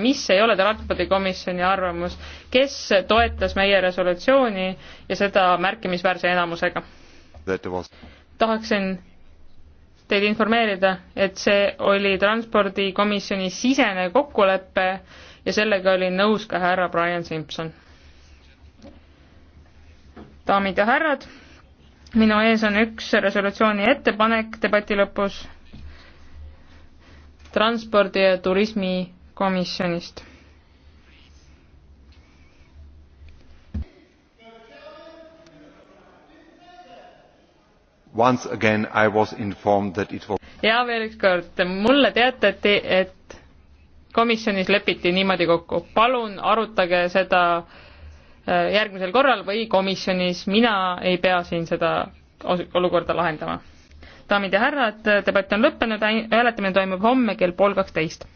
mis ei ole transpordikomisjoni arvamus, kes toetas meie resolutsiooni ja seda märkimisväärse enamusega. tahaksin teid informeerida, et see oli transpordikomisjoni sisene kokkulepe ja sellega oli nõus ka härra Brian Simson. daamid ja härrad, minu ees on üks resolutsiooni ettepanek debati lõpus transpordi ja turismi komisjonist. Once again I was informed that it was ja veel üks kord, mulle teatati, et komisjonis lepiti niimoodi kokku, palun arutage seda äh, järgmisel korral või komisjonis, mina ei pea siin seda olukorda lahendama. daamid ja härrad, debatt on lõppenud, hääletamine toimub homme kell pool kaksteist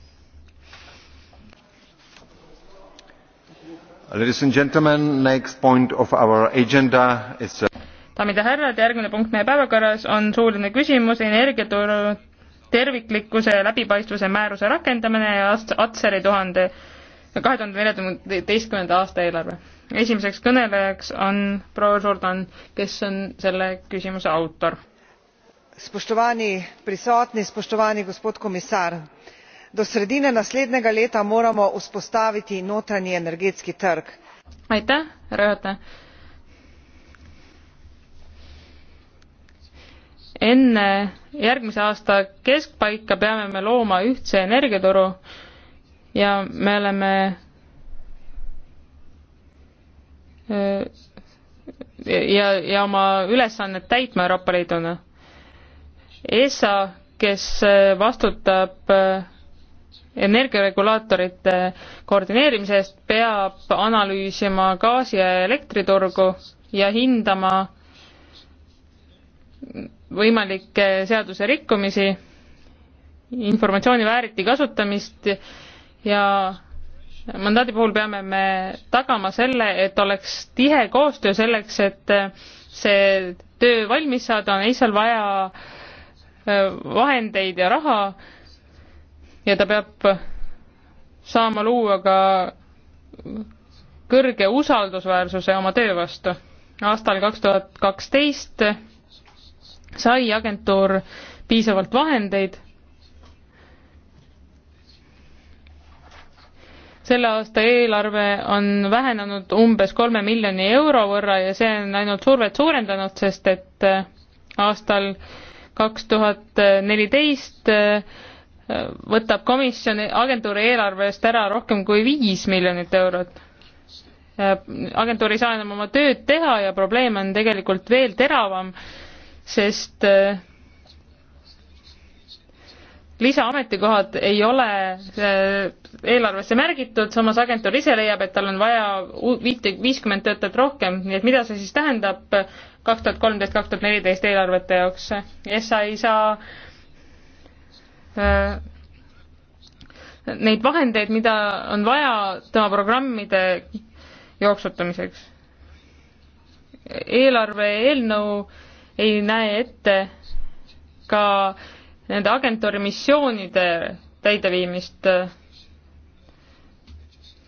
Uh, daamid ja härrad, järgmine punkt meie päevakorras on suuline küsimus energiaturu terviklikkuse ja läbipaistvuse määruse rakendamine ja Atseri tuhande, kahe tuhande neljateistkümnenda aasta eelarve. esimeseks kõnelejaks on proua Jordan, kes on selle küsimuse autor. spoštovani prisotni spoštovani gospod komisar do sredine naslednjega leta moramo vzpostaviti notranji energetski trg. aitäh härra juhataja! enne järgmise aasta keskpaika peame me looma ühtse energiaturu ja me oleme ja, ja oma ülesannet täitma Euroopa Liiduna. ESA, kes vastutab energiaregulaatorite koordineerimise eest, peab analüüsima gaasi- ja elektriturgu ja hindama võimalikke seaduse rikkumisi, informatsiooni vääriti kasutamist ja mandaadi puhul peame me tagama selle, et oleks tihe koostöö selleks, et see töö valmis saada, on lihtsalt vaja äh, vahendeid ja raha ja ta peab saama luua ka kõrge usaldusväärsuse oma töö vastu. aastal kaks tuhat kaksteist sai agentuur piisavalt vahendeid. selle aasta eelarve on vähenenud umbes kolme miljoni euro võrra ja see on ainult survet suurendanud, sest et aastal kaks tuhat neliteist võtab komisjon agentuuri eelarvest ära rohkem kui viis miljonit eurot. agentuur ei saa enam oma tööd teha ja probleem on tegelikult veel teravam, sest äh, lisaametikohad ei ole äh, eelarvesse märgitud, samas agentuur ise leiab, et tal on vaja viite, viiskümmend töötajat rohkem, nii et mida see siis tähendab kaks tuhat kolmteist, kaks tuhat neliteist eelarvete jaoks? SA ei saa Äh, neid vahendeid, mida on vaja tema programmide jooksutamiseks. eelarve eelnõu ei näe ette ka nende agentuuri missioonide täideviimist,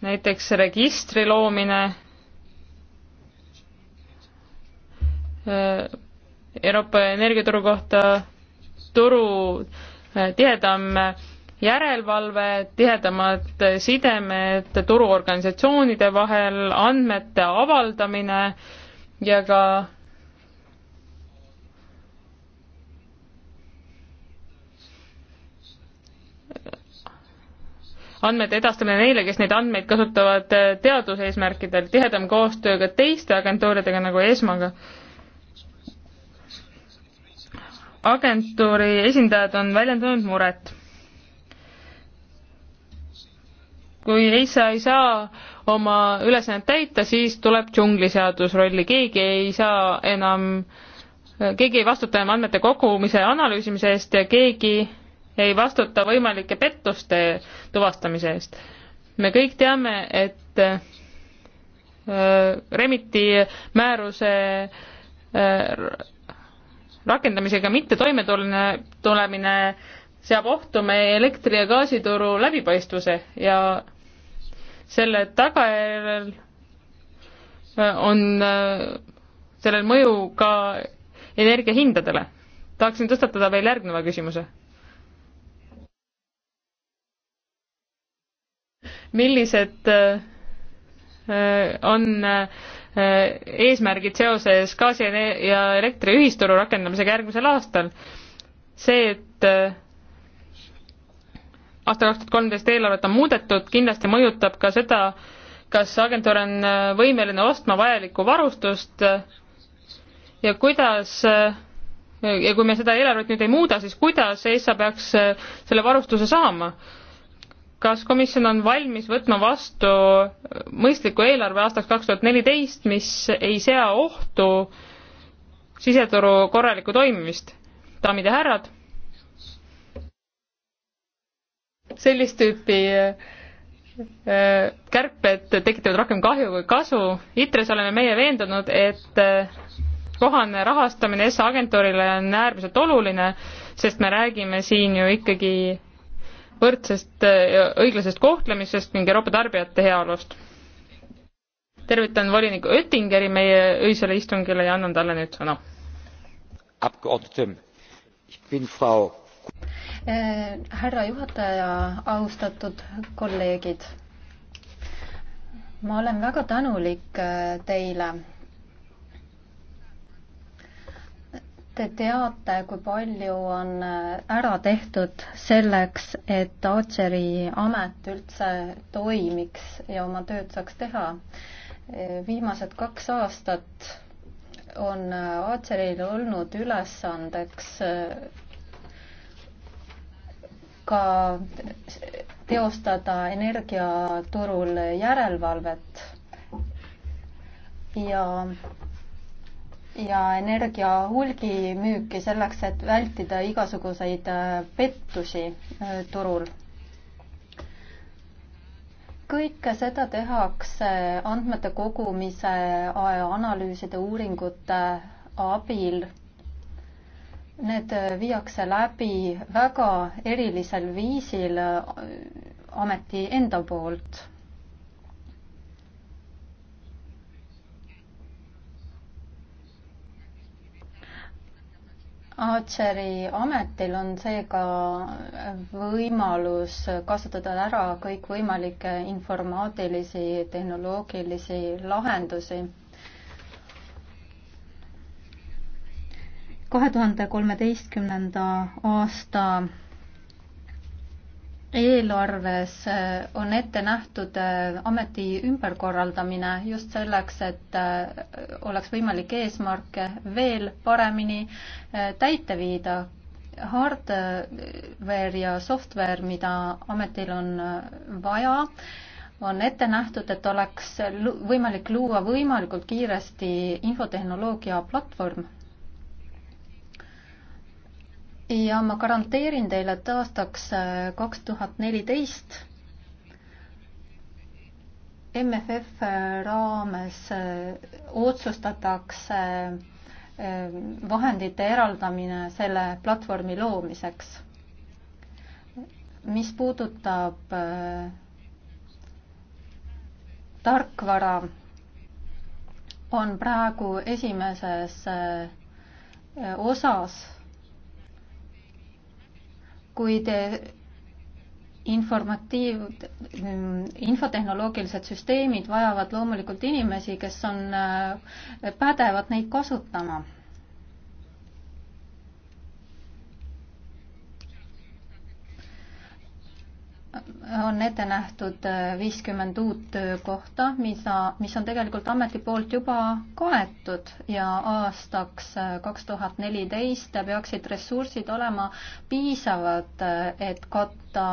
näiteks registri loomine, äh, Euroopa energiaturu kohta turu tihedam järelevalve, tihedamad sidemed turuorganisatsioonide vahel, andmete avaldamine ja ka andmete edastamine neile, kes neid andmeid kasutavad teaduseesmärkidel, tihedam koostöö ka teiste agentuuridega nagu ESMAga agentuuri esindajad on väljendanud muret. kui EISA ei saa oma ülesannet täita, siis tuleb džungliseadus rolli, keegi ei saa enam, keegi ei vastuta enam andmete kogumise ja analüüsimise eest ja keegi ei vastuta võimalike pettuste tuvastamise eest. me kõik teame, et äh, Remiti määruse äh, rakendamisega mitte toimetulemine, tulemine seab ohtu meie elektri- ja gaasituru läbipaistvuse ja selle tagajärjel äh, on äh, sellel mõju ka energiahindadele. tahaksin tõstatada veel järgneva küsimuse. millised äh, on Äh, eesmärgid seoses gaasi ja elektri ühisturu rakendamisega järgmisel aastal. see, et äh, aastal kaks tuhat kolmteist eelarvet on muudetud, kindlasti mõjutab ka seda, kas agentuur on äh, võimeline ostma vajalikku varustust ja kuidas ja kui me seda eelarvet nüüd ei muuda, siis kuidas ESA peaks selle varustuse saama? kas komisjon on valmis võtma vastu mõistliku eelarve aastaks kaks tuhat neliteist, mis ei sea ohtu siseturu korralikku toimimist? daamid ja härrad, sellist tüüpi äh, kärped tekitavad rohkem kahju kui kasu. ITRE-s oleme meie veendunud, et äh, kohane rahastamine ESA agentuurile on äärmiselt oluline, sest me räägime siin ju ikkagi võrdsest ja äh, õiglasest kohtlemisest ning Euroopa tarbijate heaolust. tervitan volinik Oettingeri meie öisele istungile ja annan talle nüüd sõna. Äh, härra juhataja, austatud kolleegid ma olen väga tänulik äh, teile Te teate, kui palju on äh, ära tehtud selleks, et Otseri amet üldse toimiks ja oma tööd saaks teha. Äh, viimased kaks aastat on Otseril äh, olnud ülesandeks ka teostada energiaturul järelevalvet ja ja energia hulgimüüki selleks, et vältida igasuguseid äh, pettusi äh, turul. kõike seda tehakse andmete kogumise, äh, analüüside, uuringute abil. Need viiakse läbi väga erilisel viisil ameti enda poolt Atseri ametil on seega võimalus kasutada ära kõikvõimalikke informaatilisi, tehnoloogilisi lahendusi. kahe tuhande kolmeteistkümnenda aasta eelarves äh, on ette nähtud äh, ameti ümberkorraldamine just selleks, et äh, oleks võimalik eesmärke veel paremini täite viida. Hardware ja software, mida ametil on vaja, on ette nähtud, et oleks võimalik luua võimalikult kiiresti infotehnoloogia platvorm ja ma garanteerin teile, et aastaks äh, kaks tuhat neliteist MFF äh, raames äh, otsustatakse vahendite eraldamine selle platvormi loomiseks. mis puudutab tarkvara, on praegu esimeses osas kuid informatiiv, mm, infotehnoloogilised süsteemid vajavad loomulikult inimesi, kes on äh, pädevad neid kasutama on ette nähtud äh, viiskümmend uut töökohta, mida, mis on tegelikult ameti poolt juba kaetud ja aastaks äh, kaks tuhat neliteist peaksid ressursid olema piisavad, äh, et katta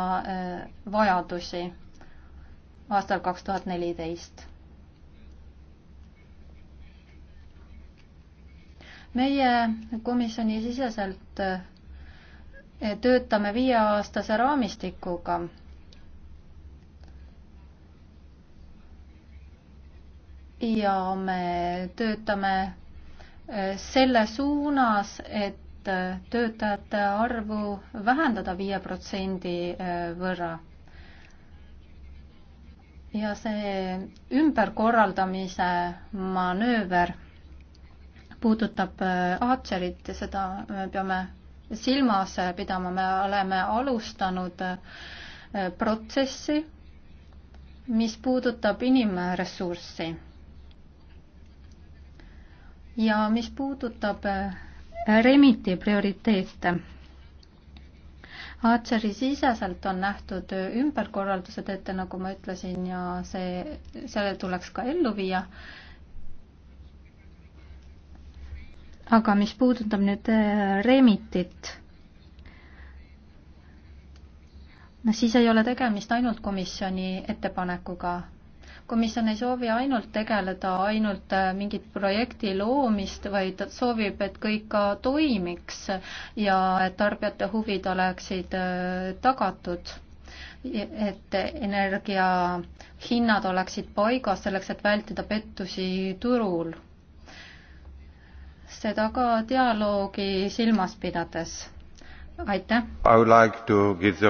vajadusi aastal kaks tuhat neliteist meie komisjoni siseselt töötame viieaastase raamistikuga ja me töötame eh, selle suunas, et eh, töötajate arvu vähendada viie protsendi eh, võrra. ja see ümberkorraldamise manööver puudutab Archerit ja seda me peame silmas pidama, me oleme alustanud protsessi, mis puudutab inimressurssi ja mis puudutab äh, Remiti prioriteete, Archeri siseselt on nähtud äh, ümberkorraldused ette, nagu ma ütlesin, ja see, selle tuleks ka ellu viia. aga mis puudutab nüüd äh, Remitit, no siis ei ole tegemist ainult komisjoni ettepanekuga komisjon ei soovi ainult tegeleda ainult äh, mingit projekti loomist, vaid soovib, et kõik ka toimiks ja et tarbijate huvid oleksid äh, tagatud. et energia hinnad oleksid paigas selleks, et vältida pettusi turul. seda ka dialoogi silmas pidades aitäh! Like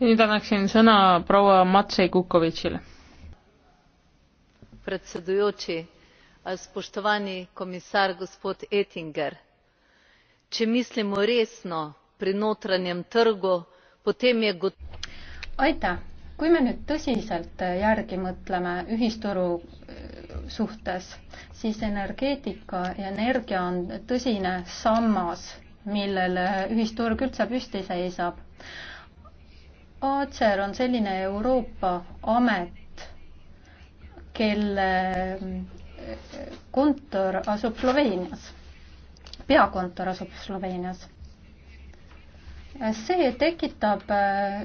ja nüüd annaksin sõna proua Matsei Kukovitšile predsedujoči spoštovani komisar gospod oettinger če mislimo resno pri notranjem trgu potem je aitäh! kui me nüüd tõsiselt järgi mõtleme ühisturu äh, suhtes, siis energeetika ja energia on tõsine sammas, millele ühisturg üldse püsti seisab. ACER on selline Euroopa amet, kelle äh, kontor asub Sloveenias, peakontor asub Sloveenias. see tekitab äh,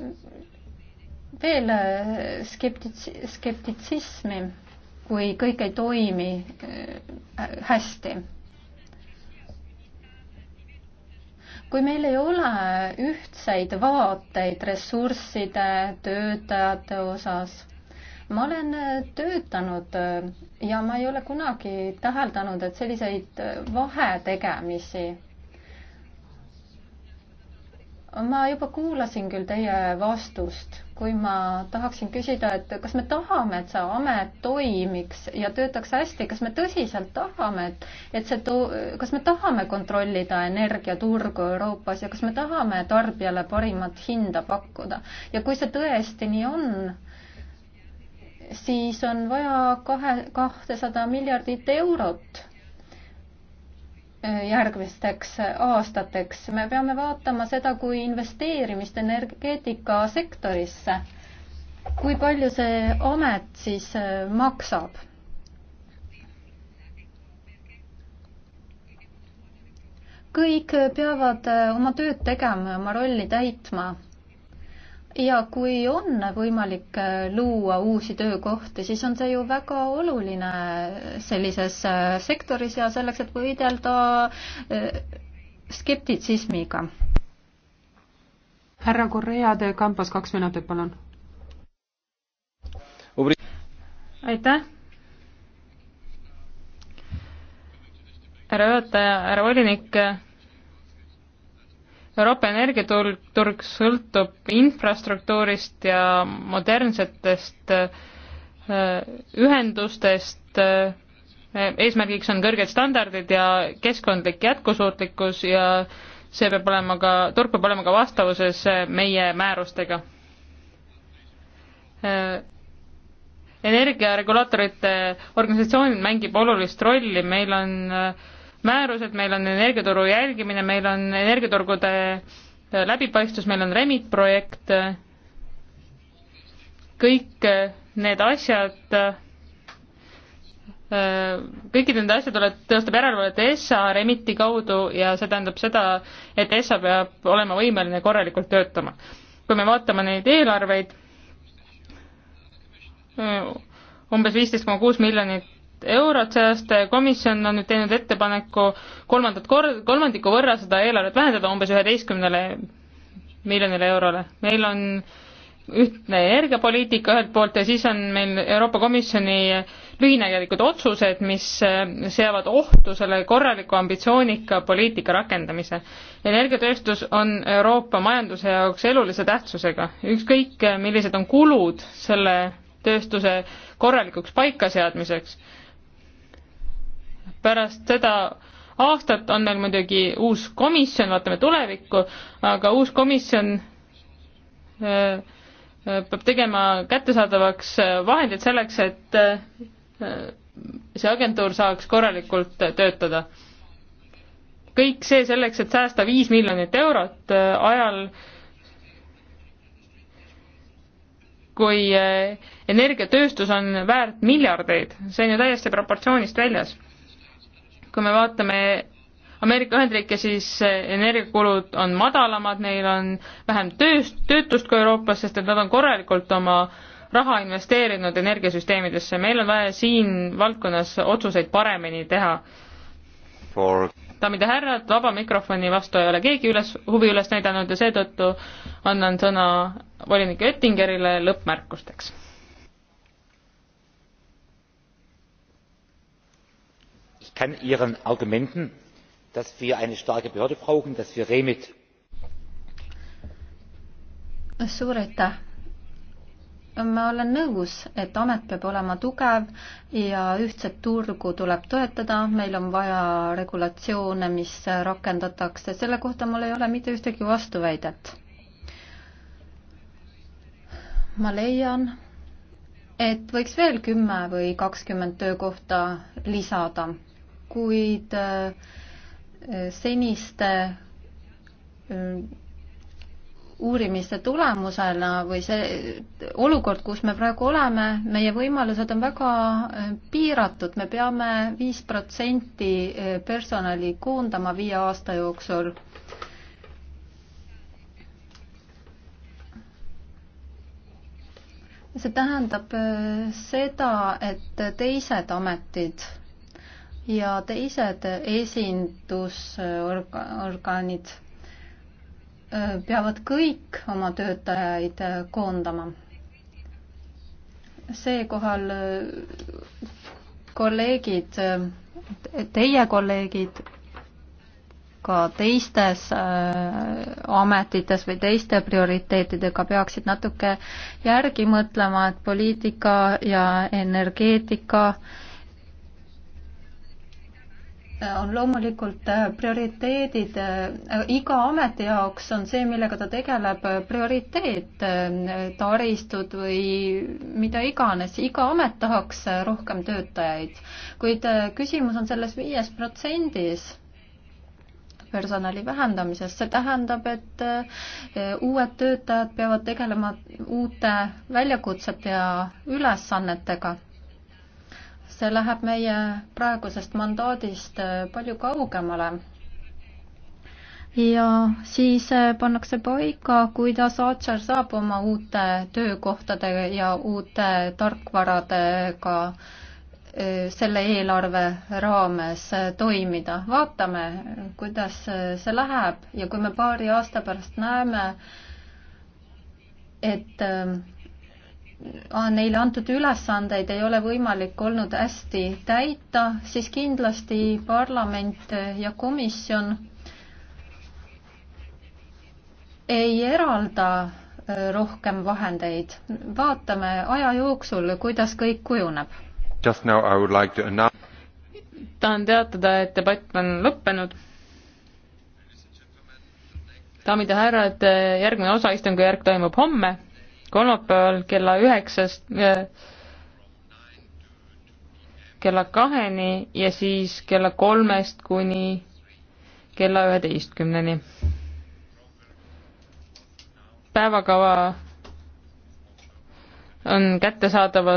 veel äh, skeptitsi-, skeptitsismi, kui kõik ei toimi hästi. kui meil ei ole ühtseid vaateid ressursside, töötajate osas ma olen äh, töötanud äh, ja ma ei ole kunagi täheldanud, et selliseid äh, vahetegemisi. ma juba kuulasin küll teie vastust, kui ma tahaksin küsida, et kas me tahame, et see amet toimiks ja töötaks hästi, kas me tõsiselt tahame, et, et see to-, kas me tahame kontrollida energiaturgu Euroopas ja kas me tahame tarbijale parimat hinda pakkuda ja kui see tõesti nii on, siis on vaja kahe, kahtesada miljardit eurot äh, järgmisteks aastateks. me peame vaatama seda kui investeerimist energeetikasektorisse. kui palju see amet siis äh, maksab? kõik peavad äh, oma tööd tegema, oma rolli täitma ja kui on võimalik äh, luua uusi töökohti, siis on see ju väga oluline äh, sellises äh, sektoris ja selleks, et võidelda skeptitsismiga. härra Correa de Campos, kaks minutit, palun. aitäh. härra juhataja, härra volinik Euroopa energiaturg sõltub infrastruktuurist ja modernsetest äh, ühendustest, äh, eesmärgiks on kõrged standardid ja keskkondlik jätkusuutlikkus ja see peab olema ka, turg peab olema ka vastavuses äh, meie määrustega. energiaregulaatorite organisatsioon mängib olulist rolli, meil on äh, määrused, meil on energiaturu jälgimine, meil on energiaturgude läbipaistvus, meil on Remit projekt, kõik need asjad, kõikide nende asjade üle tõostab järelevalvet ESA Remiti kaudu ja see tähendab seda, et ESA peab olema võimeline korralikult töötama. kui me vaatame neid eelarveid, umbes viisteist koma kuus miljonit miljonit eurot, see aasta komisjon on nüüd teinud ettepaneku kolmandat kor-, kolmandiku võrra seda eelarvet vähendada umbes üheteistkümnele miljonile eurole. meil on ühtne energiapoliitika ühelt poolt ja siis on meil Euroopa Komisjoni lühinägelikud otsused, mis seavad ohtu selle korraliku ambitsioonika poliitika rakendamise. energiatööstus on Euroopa majanduse jaoks elulise tähtsusega, ükskõik millised on kulud selle tööstuse korralikuks paikaseadmiseks pärast seda aastat on meil muidugi uus komisjon, vaatame tulevikku, aga uus komisjon äh, äh, peab tegema kättesaadavaks äh, vahendid selleks, et see agentuur saaks korralikult töötada. kõik see selleks, et säästa viis miljonit eurot ajal, kui energiatööstus on väärt miljardeid, see on ju täiesti proportsioonist väljas kui me vaatame Ameerika Ühendriike, siis eh, energiakulud on madalamad, neil on vähem tööst, töötust kui Euroopas, sest et nad on korralikult oma raha investeerinud energiasüsteemidesse, meil on vaja siin valdkonnas otsuseid paremini teha For.... daamid ja härrad, vaba mikrofoni vastu ei ole keegi üles, huvi üles näidanud ja seetõttu annan sõna volinik Oettingerile lõppmärkusteks ich kann ihren argumenten dass wir eine starke behörde brauchen dass wir remit suur aitäh! ma olen nõus, et amet peab olema tugev ja ühtset turgu tuleb toetada, meil on vaja regulatsioone, mis rakendatakse, selle kohta mul ei ole mitte ühtegi vastuväidet. ma leian, et võiks veel kümme või kakskümmend töökohta lisada kuid äh, seniste äh, uurimiste tulemusena või see olukord, kus me praegu oleme, meie võimalused on väga äh, piiratud, me peame viis protsenti personali koondama viie aasta jooksul. see tähendab seda, et teised ametid ja teised esindusorganid äh, peavad kõik oma töötajaid äh, koondama. seekohal äh, kolleegid, teie kolleegid ka teistes ametites või teiste prioriteetidega peaksid natuke järgi mõtlema, et poliitika ja energeetika äh, on loomulikult äh, prioriteedid, äh, iga ameti jaoks on see, millega ta tegeleb, äh, prioriteet, taristud või mida iganes, iga amet tahaks rohkem töötajaid. kuid küsimus on selles viies protsendis personali vähendamisest, see tähendab, et uued töötajad peavad tegelema uute väljakutsete ja ülesannetega see läheb meie praegusest mandaadist äh, palju kaugemale. ja siis äh, pannakse paika, kuidas Archer saab oma uute töökohtade ja uute tarkvaradega äh, selle eelarve raames toimida. vaatame, kuidas see läheb ja kui me paari aasta pärast näeme, et on neile antud ülesandeid ei ole võimalik olnud hästi täita, siis kindlasti parlament ja komisjon ei eralda äh, rohkem vahendeid. vaatame aja jooksul, kuidas kõik kujuneb. Like to... tahan teatada, et debatt on lõppenud. daamid ja härrad, äh, järgmine osaistungjärk toimub homme kolmapäeval kella üheksast äh, kella kaheni ja siis kella kolmest kuni kella üheteistkümneni. päevakava on kättesaadaval